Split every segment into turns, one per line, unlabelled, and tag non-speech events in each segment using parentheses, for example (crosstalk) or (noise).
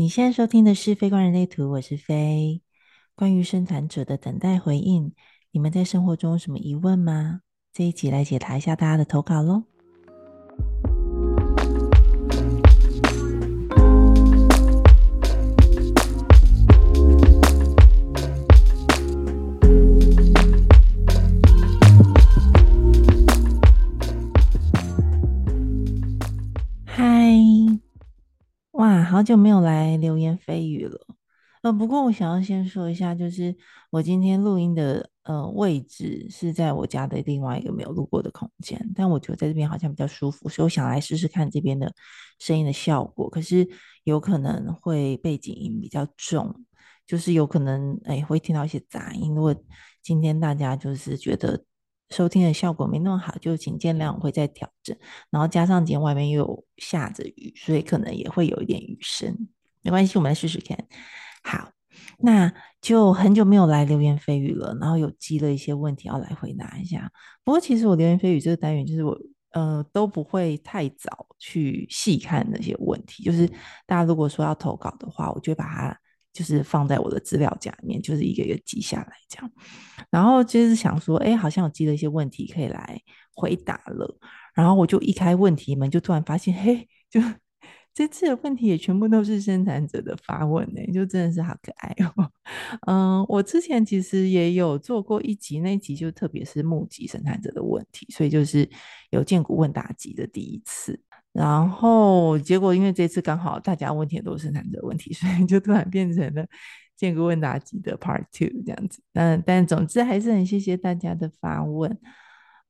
你現在收聽的是《Faye 觀人類圖》，我是 Faye。關於生產者的等待回應，你們在生活中有什麼疑問嗎？這一集來解答一下大家的投稿嘍。好久沒有來留言 Faye 語了，呃，不過我想要先說一下，就是我今天錄音的呃位置是在我家的另外一個沒有錄過的空間，但我覺得在這邊好像比較舒服，所以我想來試試看這邊的聲音的效果。可是有可能會背景音比較重，就是有可能誒、哎、會聽到一些雜音。如果今天大家就是覺得，收聽的效果沒那麼好，就請見諒，我會再調整。然後加上今天外面又下着雨，所以可能也會有一點雨聲，沒關係，我們來試試看。好，那就很久沒有來留言 Faye 語了，然後有積了一些問題要來回答一下。不過其實我留言 Faye 語這個單元就是我呃都不會太早去細看那些問題，就是大家如果說要投稿的話，我就會把它。就是放在我的資料夾裡面，就是一個一個記下來這樣。然後就是想說，哎、欸,好像我記了一些問題可以來回答了。然後我就一開問題門，就突然發現，嘿、欸，就這次的問題也全部都是生產者的發問呢、欸，就真的是好可愛哦、喔。 (laughs) 嗯，我之前其實也有做過一集，那一集就特別是募集生產者的問題，所以就是有薦骨問答集的第一次。然後結果，因為這次剛好大家問題都是難的問題，所以就突然變成了薦骨問答集的 part two 這樣子。但但總之還是很謝謝大家的發問。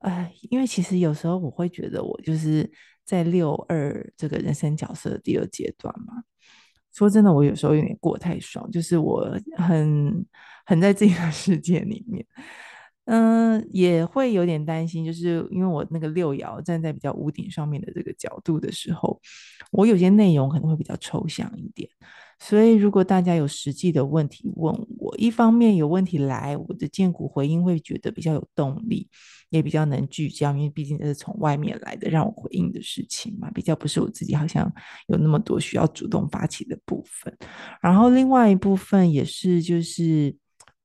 哎、呃，因為其實有時候我會覺得，我就是在六二這個人生角色的第二階段嘛。說真的，我有時候有點過太爽，就是我很很在自己的世界裡面。嗯，也會有點擔心，就是因為我那個六爻站在比較屋頂上面的這個角度的時候，我有些內容可能會比較抽象一點。所以，如果大家有實際的問題問我，一方面有問題來，我的薦骨回應會覺得比較有動力，也比較能聚焦，因為畢竟是從外面來的讓我回應的事情嘛，比較不是我自己好像有那麼多需要主動發起的部分。然後，另外一部分也是就是。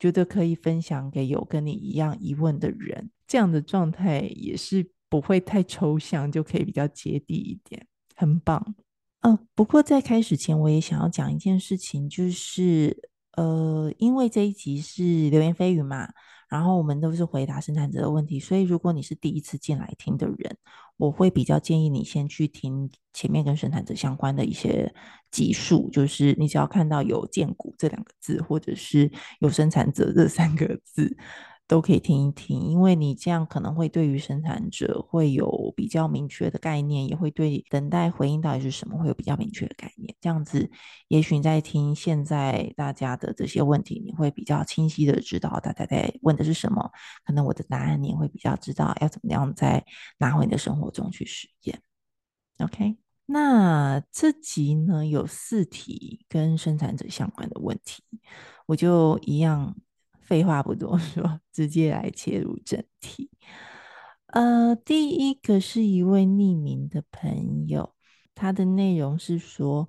覺得可以分享給有跟你一樣疑問的人，這樣的狀態也是不會太抽象，就可以比較接地一點，很棒。嗯，不過在開始前，我也想要講一件事情，就是呃，因為這一集是留言 Faye 語嘛。然後我們都是回答生產者的問題，所以如果你是第一次進來聽的人，我會比較建議你先去聽前面跟生產者相關的一些集數，就是你只要看到有“薦骨”這兩個字，或者是有“生產者”這三個字。都可以聽一聽，因為你這樣可能會對於生產者會有比較明確的概念，也會對等待回應到底是什麼會有比較明確的概念。這樣子，也許你在聽現在大家的這些問題，你會比較清晰的知道大家在問的是什麼。可能我的答案，你也會比較知道要怎麼樣在拿回你的生活中去實驗。OK，那這集呢，有四題跟生產者相關的問題，我就一樣。廢話不多說，直接來切入正題。呃，第一個是一位匿名的朋友，他的內容是說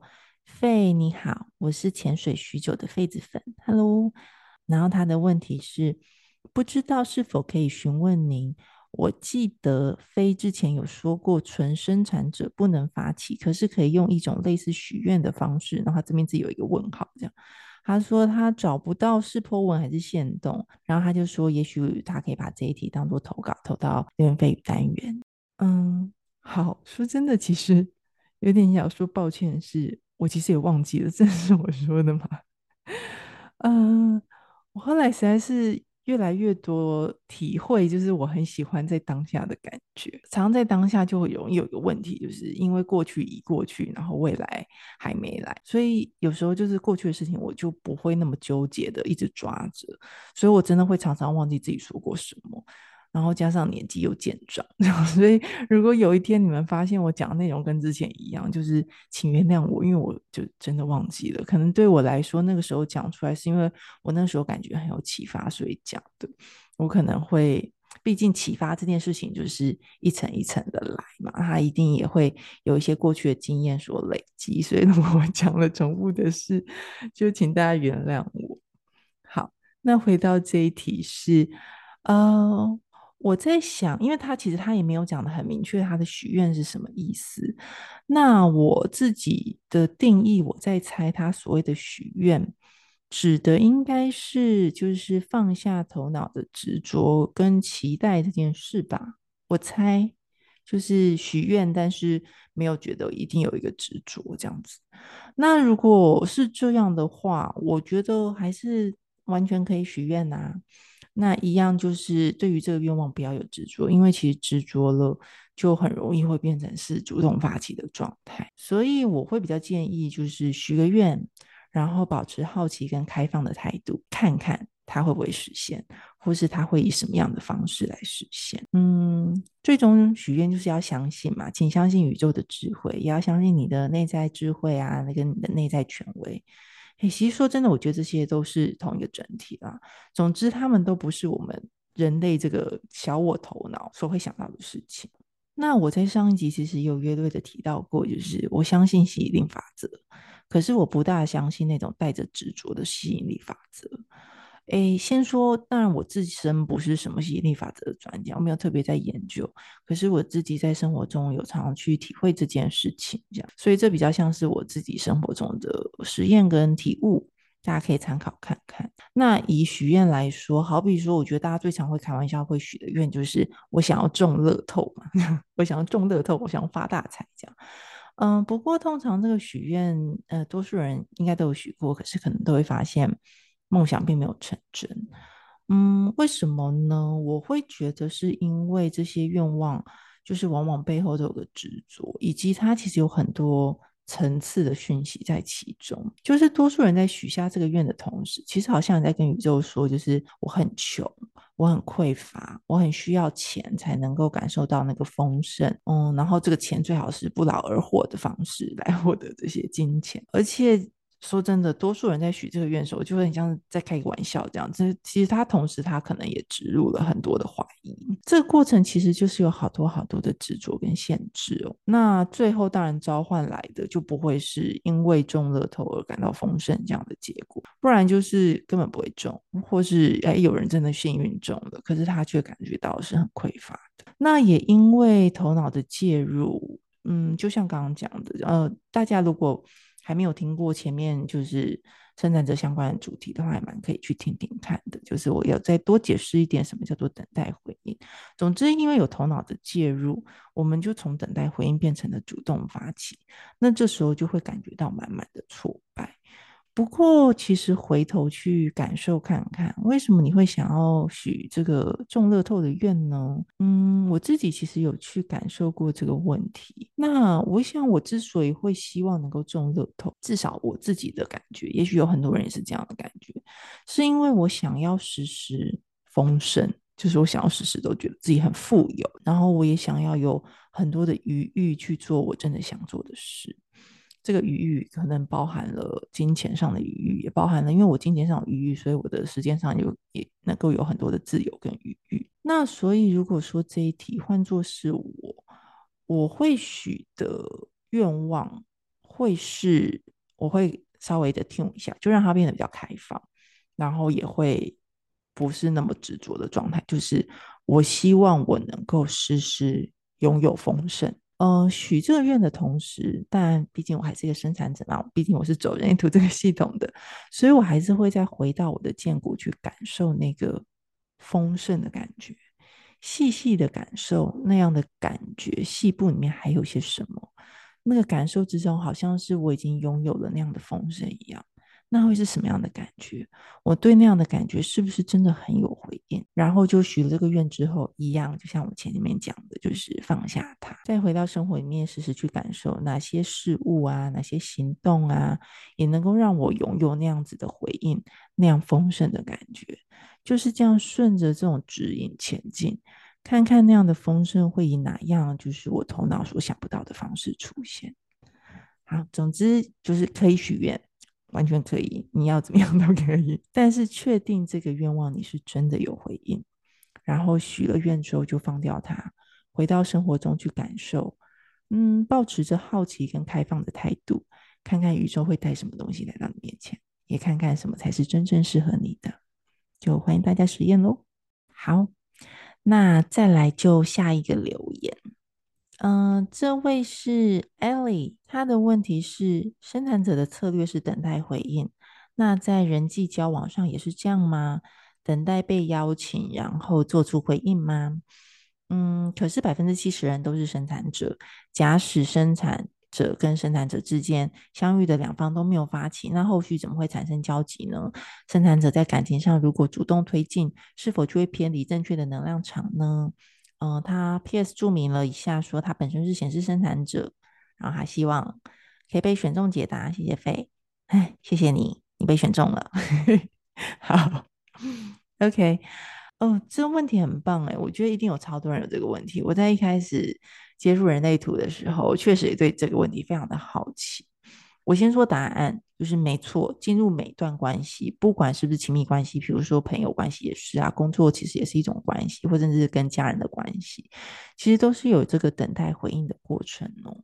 ：“Faye 你好，我是潛水許久的 Faye 子粉，Hello。”然後他的問題是：不知道是否可以詢問您？我記得 Faye 之前有說過，純生產者不能發起，可是可以用一種類似許願的方式。然後他這邊自己有一個問號，這樣。他說他找不到是 PO 文還是限動，然後他就說，也許他可以把這一題當做投稿投到 Faye 語單元。嗯，好，說真的，其實有點想說抱歉，是我其實也忘記了，這是我說的嗎？嗯，我後來實在是。越來越多體會，就是我很喜歡在當下的感覺。常常在當下就會容易有一個問題，就是因為過去已過去，然後未來還沒來，所以有時候就是過去的事情，我就不會那麼糾結的一直抓着。所以我真的會常常忘記自己說過什麼。然後加上年紀又漸長，所以如果有一天你們發現我講的內容跟之前一樣，就是請原諒我，因為我就真的忘記了。可能對我來說，那個時候講出來是因為我那時候感覺很有啟發，所以講的。我可能會，畢竟啟發這件事情就是一層一層的來嘛，它一定也會有一些過去的經驗所累積，所以我講了重複的事，就請大家原諒我。好，那回到這一題是，呃。我在想，因為他其實他也沒有講得很明確，他的許願是什麼意思？那我自己的定義，我在猜，他所謂的許願，指的應該是就是放下頭腦的執着跟期待這件事吧。我猜就是許願，但是沒有覺得一定有一個執着這樣子。那如果是這樣的話，我覺得還是完全可以許願啊。那一樣就是對於這個願望不要有執着因為其實執着了就很容易會變成是主動發起的狀態。所以我會比較建議就是許個願，然後保持好奇跟開放的態度，看看它會不會實現，或是它會以什麼樣的方式來實現。嗯，最終許願就是要相信嘛，請相信宇宙的智慧，也要相信你的內在智慧啊，那個你的內在權威。欸、其實說真的，我覺得這些都是同一個整體啦。總之，他們都不是我們人類這個小我頭腦所會想到的事情。那我在上一集其實有約略的提到過，就是我相信吸引力法則，可是我不大相信那種帶着執着的吸引力法則。誒先說，當然我自身不是什麼吸引力法則的專家，我沒有特別在研究。可是我自己在生活中有常常去體會這件事情，這樣，所以這比較像是我自己生活中的實驗跟體悟，大家可以參考看看。那以許願來說，好比說，我覺得大家最常會開玩笑會許的願就是我想要中樂透呵呵，我想要中樂透，我想要發大財這樣。嗯，不過通常這個許願，呃，多數人應該都有許過，可是可能都會發現。夢想並沒有成真，嗯，為什麼呢？我會覺得是因為這些願望，就是往往背後都有個執着，以及它其實有很多層次的訊息在其中。就是多數人在許下這個願的同時，其實好像在跟宇宙說，就是我很窮，我很匱乏，我很需要錢才能夠感受到那個豐盛。嗯，然後這個錢最好是不勞而獲的方式來獲得這些金錢，而且。說真的，多數人在許這個願的時候，就會很像在開一個玩笑這樣子，其實他同時他可能也植入了很多的懷疑。這個過程其實就是有好多好多的執着跟限制哦。那最後當然召喚來的就不會是因為中了頭而感到豐盛這樣的結果，不然就是根本不會中，或是，哎，有人真的幸運中了，可是他卻感覺到是很匱乏的。那也因為頭腦的介入，嗯，就像剛剛講的，呃，大家如果。還沒有聽過前面就是生產者相關的主題的話，還蠻可以去聽聽看的。就是我要再多解釋一點，什麼叫做等待回應。總之，因為有頭腦的介入，我們就從等待回應變成了主動發起，那這時候就會感覺到滿滿的挫敗。不過，其實回頭去感受看看，為什麼你會想要許這個中樂透的願呢？嗯，我自己其實有去感受過這個問題。那我想，我之所以會希望能夠中樂透，至少我自己的感覺，也許有很多人也是這樣的感覺，是因為我想要時時豐盛，就是我想要時時都覺得自己很富有，然後我也想要有很多的餘裕去做我真的想做的事。這個餘裕可能包含了金錢上的餘裕，也包含了因為我金錢上有餘裕所以我的時間上有也能夠有很多的自由跟餘裕。那所以如果說這一題換作是我，我會許的願望會是我會稍微的聽一下，就讓它變得比較開放，然後也會不是那麼執着的狀態。就是我希望我能夠時時擁有豐盛。呃，許這個願的同時，但畢竟我還是一個生產者嘛，畢竟我是走人類圖這個系統的，所以我還是會再回到我的薦骨去感受那個豐盛的感覺，細細的感受那樣的感覺，細部裡面還有些什麼，那個感受之中，好像是我已經擁有了那樣的豐盛一樣。那會是什麼樣的感覺？我對那樣的感覺是不是真的很有回應？然後就許了這個願之後，一樣就像我前面講的，就是放下它，再回到生活裡面，試試去感受哪些事物啊，哪些行動啊，也能夠讓我擁有那樣子的回應，那樣豐盛的感覺。就是這樣順着這種指引前進，看看那樣的豐盛會以哪樣，就是我頭腦所想不到的方式出現。好，總之就是可以許願。完全可以，你要怎麼樣都可以。但是確定這個願望你是真的有回應，然後許了願之後就放掉它，回到生活中去感受。嗯，保持着好奇跟開放的態度，看看宇宙會帶什麼東西來到你面前，也看看什麼才是真正適合你的。就歡迎大家實驗嘍。好，那再來就下一個留言。嗯、呃，這位是 Ellie，她的問題是：生產者的策略是等待回應，那在人際交往上也是這樣嗎？等待被邀請，然後做出回應嗎？嗯，可是百分之七十人都是生產者。假使生產者跟生產者之間相遇的兩方都沒有發起，那後續怎麼會產生交集呢？生產者在感情上如果主動推進，是否就會偏離正確的能量場呢？嗯、呃，他 P.S. 註明了一下，說他本身是顯示生產者，然後還希望可以被選中解答。謝謝 Faye，哎，謝謝你，你被選中了。 (laughs) 好，OK，哦，這個問題很棒哎，我覺得一定有超多人有這個問題。我在一開始接觸人類圖的時候，確實也對這個問題非常的好奇。我先說答案，就是沒錯。進入每一段關係，不管是不是親密關係，比如說朋友關係也是啊，工作其實也是一種關係，或者甚至是跟家人的關係，其實都是有這個等待回應的過程哦。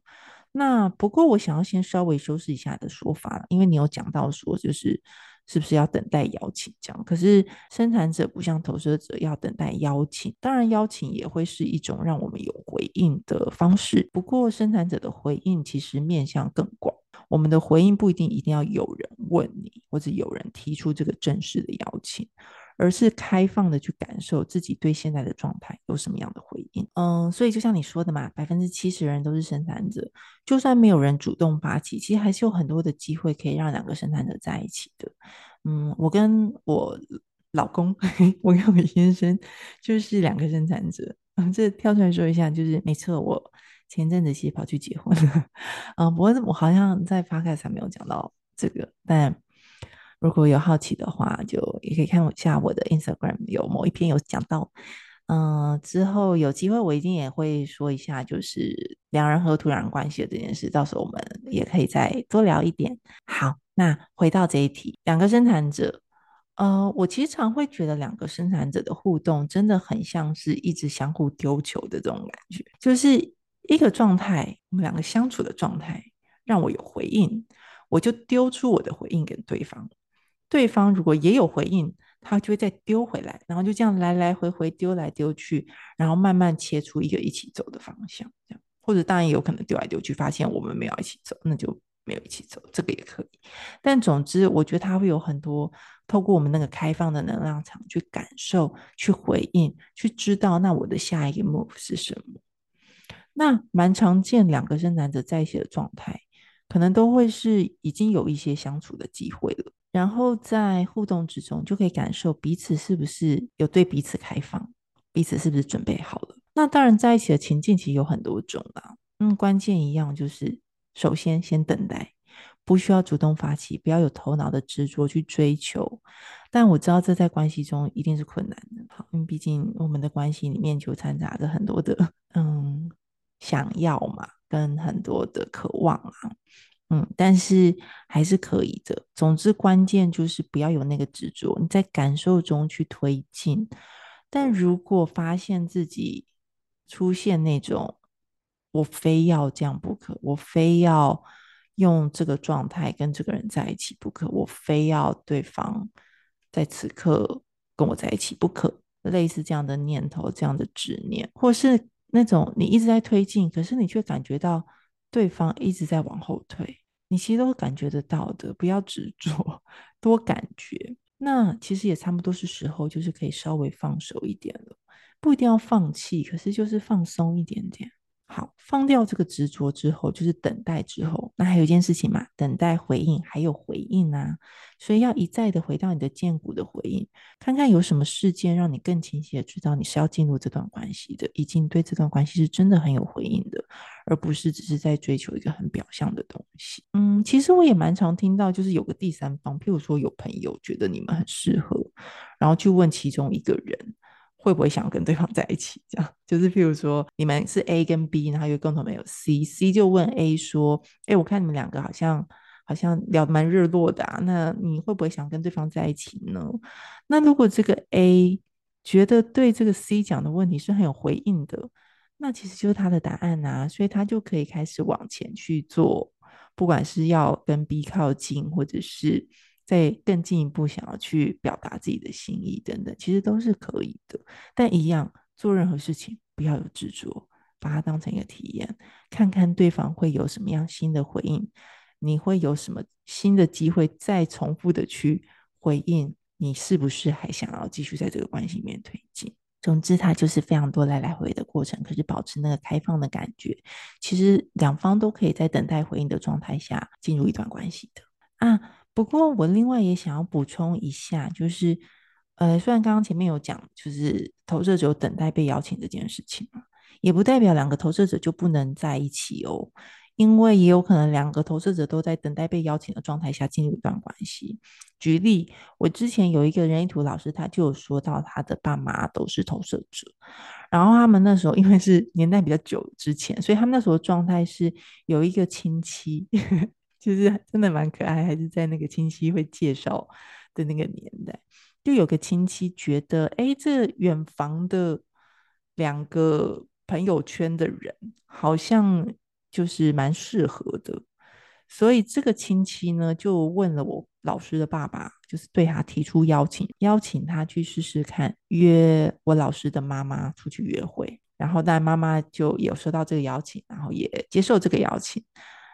那不過我想要先稍微修飾一下你的說法，因為你有講到說，就是是不是要等待邀請這樣？可是生產者不像投射者要等待邀請，當然邀請也會是一種讓我們有回應的方式。不過生產者的回應其實面向更廣。我們的回應不一定一定要有人問你，或者有人提出這個正式的邀請，而是開放的去感受自己對現在的狀態有什麼樣的回應。嗯，所以就像你說的嘛，百分之七十的人都是生產者，就算沒有人主動發起，其實還是有很多的機會可以讓兩個生產者在一起的。嗯，我跟我老公， (laughs) 我跟我先生就是兩個生產者。這跳出來說一下，就是沒錯，我前陣子是跑去結婚了，嗯、 (laughs) 呃，不過我好像在 podcast 上沒有講到這個，但如果有好奇的話，就也可以看一下我的 Instagram，有某一篇有講到，嗯、呃，之後有機會我一定也會說一下，就是兩人和土壤關係的這件事，到時候我們也可以再多聊一點。好，那回到這一題，兩個生產者，呃，我其實常會覺得兩個生產者的互動真的很像是一直相互丟球的這種感覺，就是。一個狀態，我們兩個相處的狀態，讓我有回應，我就丟出我的回應給對方。對方如果也有回應，他就會再丟回來，然後就這樣來來回回丟來丟去，然後慢慢切出一個一起走的方向，這樣。或者當然有可能丟來丟去，發現我們沒有一起走，那就沒有一起走，這個也可以。但總之，我覺得他會有很多透過我們那個開放的能量場去感受、去回應、去知道，那我的下一個 move 是什麼。那蠻常見，兩個生產者在一起的狀態，可能都會是已經有一些相處的機會了，然後在互動之中就可以感受彼此是不是有對彼此開放，彼此是不是準備好了。那當然在一起的情境其實有很多種啦。嗯，關鍵一樣就是首先先等待，不需要主動發起，不要有頭腦的執着去追求。但我知道這在關係中一定是困難的，好，因為畢竟我們的關係裡面就摻雜着很多的，嗯。想要嘛，跟很多的渴望啊，嗯，但是還是可以的。總之，關鍵就是不要有那個執着，你在感受中去推進。但如果發現自己出現那種“我非要這樣不可，我非要用這個狀態跟這個人在一起不可，我非要對方在此刻跟我在一起不可”，類似這樣的念頭、這樣的執念，或是。那種你一直在推進，可是你卻感覺到對方一直在往後退，你其實都感覺得到的。不要執着，多感覺。那其實也差不多是時候，就是可以稍微放手一點了，不一定要放棄，可是就是放鬆一點點。好，放掉這個執着之後，就是等待之後。那還有一件事情嘛，等待回應，還有回應啊。所以要一再的回到你的薦骨的回應，看看有什麼事件讓你更清晰的知道你是要進入這段關係的，以及你對這段關係是真的很有回應的，而不是只是在追求一個很表象的東西。嗯，其實我也蠻常聽到，就是有個第三方，譬如說有朋友覺得你們很適合，然後就問其中一個人。會不會想要跟對方在一起？這樣就是，譬如說，你們是 A 跟 B，然後又共同沒有 C，C C 就問 A 說：“哎，我看你們兩個好像好像聊得蠻熱絡的、啊，那你會不會想跟對方在一起呢？”那如果這個 A 覺得對這個 C 講的問題是很有回應的，那其實就是他的答案吶、啊，所以他就可以開始往前去做，不管是要跟 B 靠近，或者是。在更進一步想要去表達自己的心意等等，其實都是可以的。但一樣做任何事情，不要有執着，把它當成一個體驗，看看對方會有什麼樣新的回應，你會有什麼新的機會，再重複的去回應。你是不是還想要繼續在這個關係裡面推進？總之，它就是非常多來來回回的過程。可是保持那個開放的感覺，其實兩方都可以在等待回應的狀態下進入一段關係的啊。不過，我另外也想要補充一下，就是，呃，雖然剛剛前面有講，就是投射者有等待被邀請這件事情嘛，也不代表兩個投射者就不能在一起哦，因為也有可能兩個投射者都在等待被邀請的狀態下進入一段關係。舉例，我之前有一個人類圖老師，他就有說到他的爸媽都是投射者，然後他們那時候因為是年代比較久之前，所以他們那時候狀態是有一個親戚。呵呵就是真的蠻可愛，還是在那個親戚會介紹的那個年代，就有個親戚覺得，哎，這遠房的兩個朋友圈的人，好像就是蠻適合的，所以這個親戚呢，就問了我老師的爸爸，就是對他提出邀請，邀請他去試試看，約我老師的媽媽出去約會，然後但媽媽就有收到這個邀請，然後也接受這個邀請。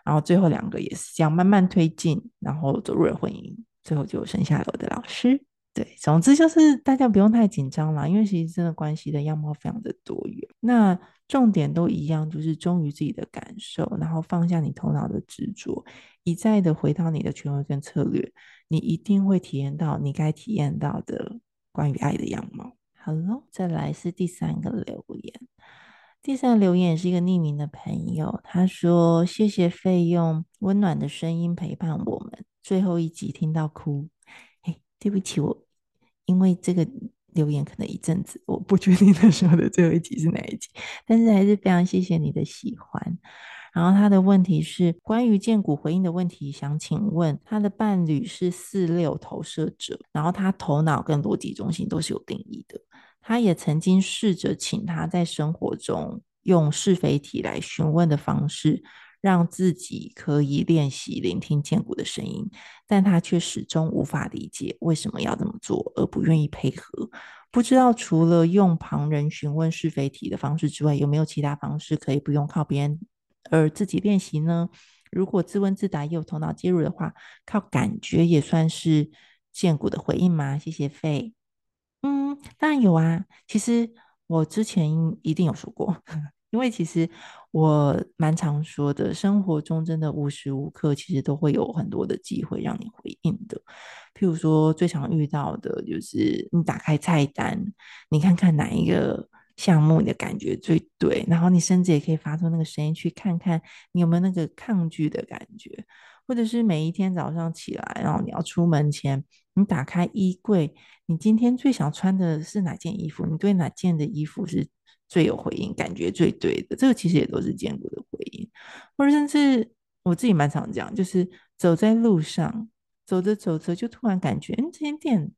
然後最後兩個也是這樣慢慢推進，然後走入了婚姻，最後就生下了我的老師。對，總之就是大家不用太緊張啦，因為其實真的關係的樣貌非常的多元。那重點都一樣，就是忠於自己的感受，然後放下你頭腦的執着，一再的回到你的權威跟策略，你一定會體驗到你該體驗到的關於愛的樣貌。好嘍，再來是第三個留言。第三個留言也是一個匿名的朋友，他說：“謝謝 Faye 用溫暖的聲音陪伴我們，最後一集聽到哭，哎，對不起，我因為這個留言可能一陣子我不確定他說的最後一集是哪一集，但是還是非常謝謝你的喜歡。”然後他的問題是關於薦骨回應的問題，想請問他的伴侶是四六投射者，然後他頭腦跟邏輯中心都是有定義的。他也曾經試着請他在生活中用是非題來詢問的方式，讓自己可以練習聆聽薦骨的聲音，但他卻始終無法理解為什麼要這麼做，而不願意配合。不知道除了用旁人詢問是非題的方式之外，有沒有其他方式可以不用靠別人而自己練習呢？如果自問自答也有頭腦介入的話，靠感覺也算是薦骨的回應嗎？謝謝 Faye。當然有啊，其實我之前一定有說過，因為其實我蠻常說的，生活中真的無時無刻其實都會有很多的機會讓你回應的。譬如說，最常遇到的就是你打開菜單，你看看哪一個項目你的感覺最對，然後你甚至也可以發出那個聲音，去看看你有沒有那個抗拒的感覺。或者是每一天早上起來，然後你要出門前，你打開衣櫃，你今天最想穿的是哪件衣服？你對哪件的衣服是最有回應，感覺最對的？這個其實也都是薦骨的回應。或者甚至我自己蠻常講，就是走在路上，走着走着就突然感覺，嗯，這間店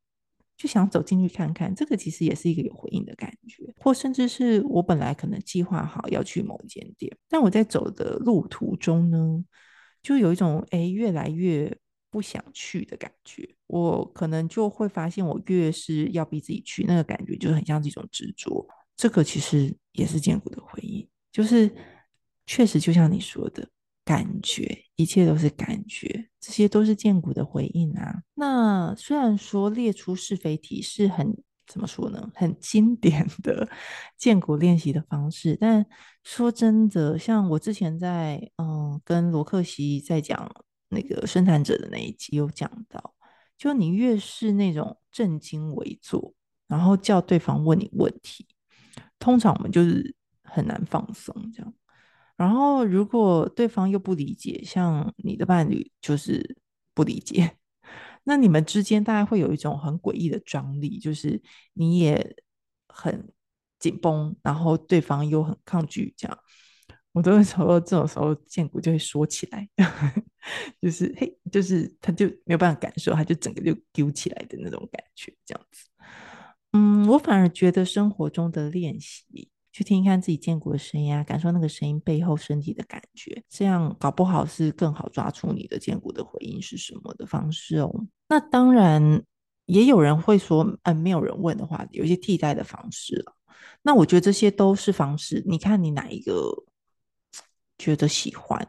就想走進去看看。這個其實也是一個有回應的感覺。或者甚至是我本來可能計劃好要去某間店，但我在走的路途中呢？就有一種誒、欸、越來越不想去的感覺。我可能就會發現，我越是要逼自己去，那個感覺就是很像這種執着。 (noise) 這個其實也是薦骨的回應，就是確實就像你說的，感覺一切都是感覺，這些都是薦骨的回應啊。那雖然說列出是非題是很怎麼說呢？很經典的薦骨練習的方式。但說真的，像我之前在嗯跟羅克西在講那個生產者的那一集有講到，就你越是那種正襟危坐，然後叫對方問你問題，通常我們就是很難放鬆這樣。然後如果對方又不理解，像你的伴侶就是不理解。那你們之間大概會有一種很詭異的張力，就是你也很緊繃，然後對方又很抗拒，這樣。我都會走這種時候，薦骨就會說起來， (laughs) 就是嘿，就是他就沒有辦法感受，他就整個就丟起來的那種感覺，這樣子。嗯，我反而覺得生活中的練習。去聽一看自己薦骨的聲音啊，感受那個聲音背後身體的感覺，這樣搞不好是更好抓住你的薦骨的回應是什麼的方式哦。那當然，也有人會說，嗯、呃，沒有人問的話，有一些替代的方式哦。那我覺得這些都是方式，你看你哪一個覺得喜歡，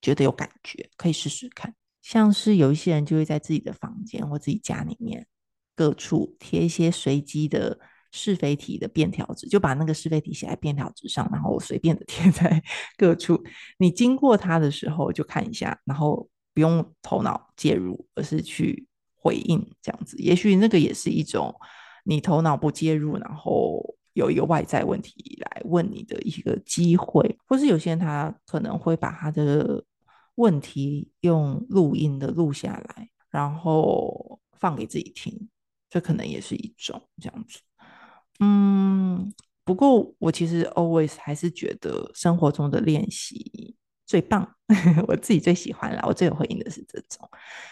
覺得有感覺，可以試試看。像是有一些人就會在自己的房間或自己家裡面各處貼一些隨機的。是非題的便條紙，就把那個是非題寫在便條紙上，然後隨便的貼在各處。你經過它的時候就看一下，然後不用頭腦介入，而是去回應這樣子。也許那個也是一種你頭腦不介入，然後有一個外在問題來問你的一個機會。或是有些人他可能會把他的問題用錄音的錄下來，然後放給自己聽，這可能也是一種這樣子。嗯，不過我其實 always 還是覺得生活中的練習最棒， (laughs) 我自己最喜歡啦。我最有回應的是這種，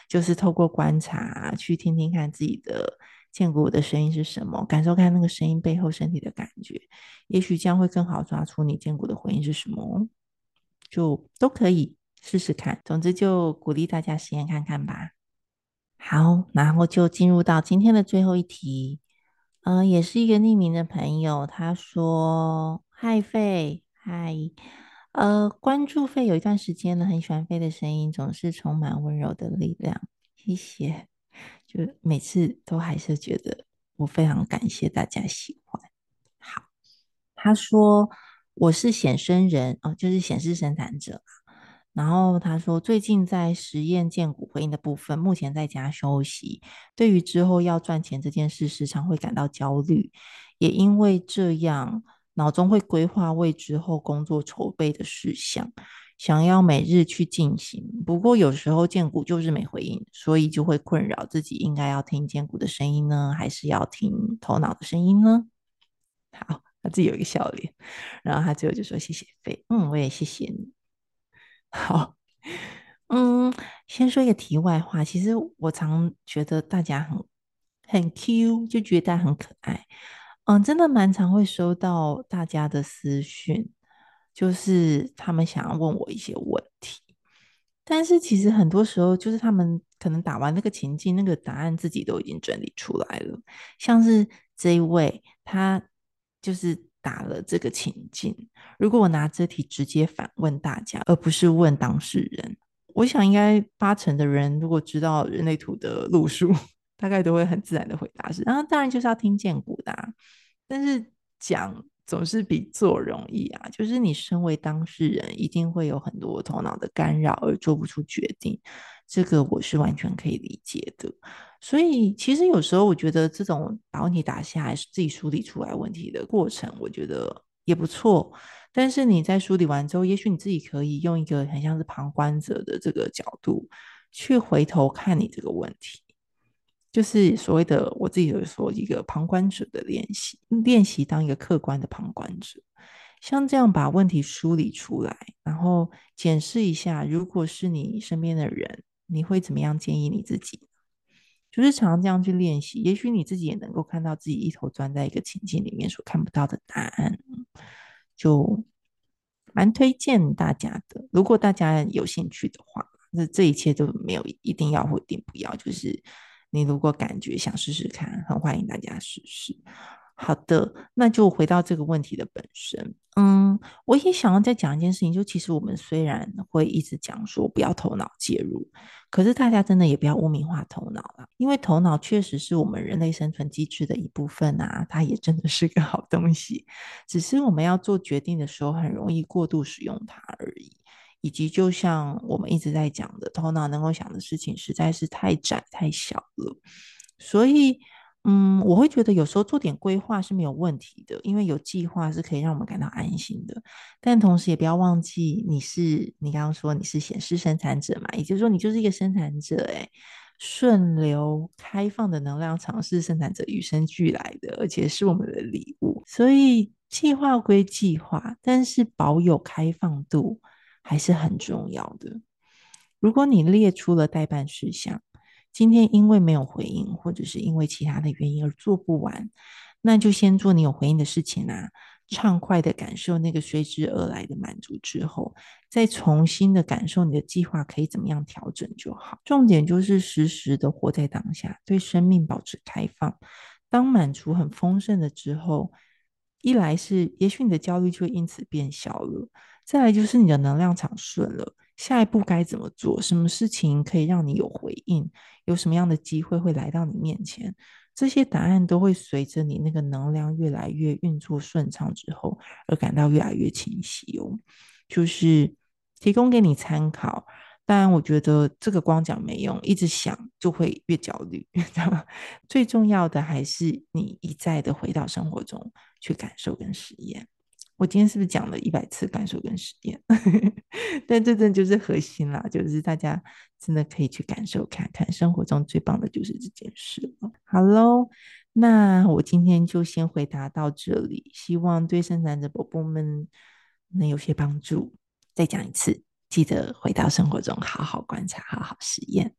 就是透過觀察去聽聽看自己的薦骨的聲音是什麼，感受看那個聲音背後身體的感覺，也許這樣會更好抓出你薦骨的回應是什麼。就都可以試試看，總之就鼓勵大家實驗看看吧。好，然後就進入到今天的最後一題。嗯、呃，也是一個匿名的朋友，他說：“嗨，Faye，嗨，呃，關注 Faye 有一段時間了，很喜歡 Faye 的聲音，總是充滿溫柔的力量，謝謝。就每次都還是覺得我非常感謝大家喜歡。好，他說我是顯生人哦，呃，就是顯示生產者。”然後他說，最近在實驗薦骨回應的部分，目前在家休息。對於之後要賺錢這件事，時常會感到焦慮，也因為這樣，腦中會規劃為之後工作籌備的事項，想要每日去進行。不過有時候薦骨就是沒回應，所以就會困擾自己，應該要聽薦骨的聲音呢，還是要聽頭腦的聲音呢？好，他自己有一個笑臉。然後他最後就說：“謝謝飛，嗯，我也謝謝你。”好，嗯，先說一個題外話。其實我常覺得大家很很 Q，就覺得很可愛。嗯，真的蠻常會收到大家的私訊，就是他們想要問我一些問題。但是其實很多時候，就是他們可能打完那個情境，那個答案自己都已經整理出來了。像是這一位，他就是。打了這個情境，如果我拿這題直接反問大家，而不是問當事人，我想應該八成的人如果知道人類圖的路數，大概都會很自然的回答是，然後當然就是要聽薦骨的。但是講。總是比做容易啊，就是你身為當事人，一定會有很多頭腦的干擾而做不出決定，這個我是完全可以理解的。所以其實有時候我覺得這種把問題打下來，是自己梳理出來問題的過程，我覺得也不錯。但是你在梳理完之後，也許你自己可以用一個很像是旁觀者的這個角度，去回頭看你這個問題。就是所謂的，我自己有說一個旁觀者的練習，練習當一個客觀的旁觀者，像這樣把問題梳理出來，然後檢視一下，如果是你身邊的人，你會怎麼樣建議你自己？就是常常這樣去練習，也許你自己也能夠看到自己一頭鑽在一個情境裡面所看不到的答案，就蠻推薦大家的。如果大家有興趣的話，那這一切都沒有一定要或一定不要，就是。你如果感覺想試試看，很歡迎大家試試。好的，那就回到這個問題的本身。嗯，我也想要再講一件事情，就其實我們雖然會一直講說不要頭腦介入，可是大家真的也不要污名化頭腦了，因為頭腦確實是我們人類生存機制的一部分啊，它也真的是個好東西，只是我們要做決定的時候很容易過度使用它而已。以及就像我們一直在講的，頭腦能夠想的事情實在是太窄、太小了，所以嗯，我會覺得有時候做點規劃是沒有問題的，因為有計劃是可以讓我們感到安心的。但同時也不要忘記，你是你剛剛說你是顯示生產者嘛，也就是說你就是一個生產者哎、欸，順流開放的能量場是生產者與生俱來的，而且是我們的禮物。所以計劃歸計劃，但是保有開放度還是很重要的。如果你列出了待辦事項，今天因為沒有回應，或者是因為其他的原因而做不完，那就先做你有回應的事情啊，暢快的感受那個隨之而來的滿足之後，再重新的感受你的計劃可以怎麼樣調整就好。重點就是時時的活在當下，對生命保持開放。當滿足很豐盛了之後，一來是也許你的焦慮就因此變小了。再來就是你的能量場順了，下一步該怎麼做？什麼事情可以讓你有回應？有什麼樣的機會會來到你面前？這些答案都會隨着你那個能量越來越運作順暢之後，而感到越來越清晰哦。就是提供給你參考。當然，我覺得這個光講沒用，一直想就會越焦慮，最重要的還是你一再的回到生活中去感受跟實驗。我今天是不是講了一百次感受跟實驗？ (laughs) 但這真就是核心啦，就是大家真的可以去感受看看，生活中最棒的就是這件事。好嘍，那我今天就先回答到這裡，希望對生產者寶寶們能有些幫助。再講一次，記得回到生活中好好觀察，好好實驗。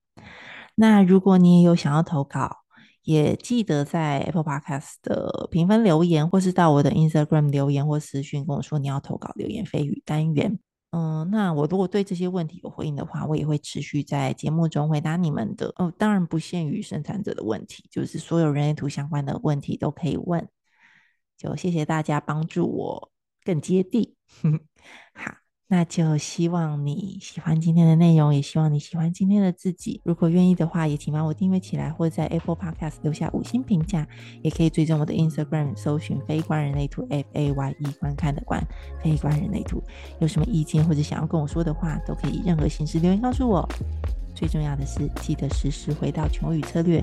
那如果你也有想要投稿，也記得在 Apple Podcast 的評分留言，或是到我的 Instagram 留言或私訊跟我說你要投稿“留言 Faye 語”單元。嗯，那我如果對這些問題有回應的話，我也會持續在節目中回答你們的。哦，當然不限於生產者的問題，就是所有人類圖相關的問題都可以問。就謝謝大家幫助我更接地。 (laughs) 好。那就希望你喜歡今天的內容，也希望你喜歡今天的自己。如果願意的話，也請幫我訂閱起來，或者在 Apple Podcast 留下五星評價。也可以追蹤我的 Instagram，搜尋 Faye 觀人類圖 F A Y E 觀看的觀 Faye 觀人類圖。有什麼意見或者想要跟我說的話，都可以以任何形式留言告訴我。最重要的是，記得時時回到權威與策略。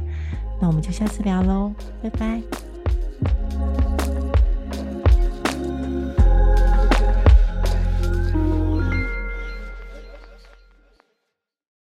那我們就下次聊嘍，拜拜。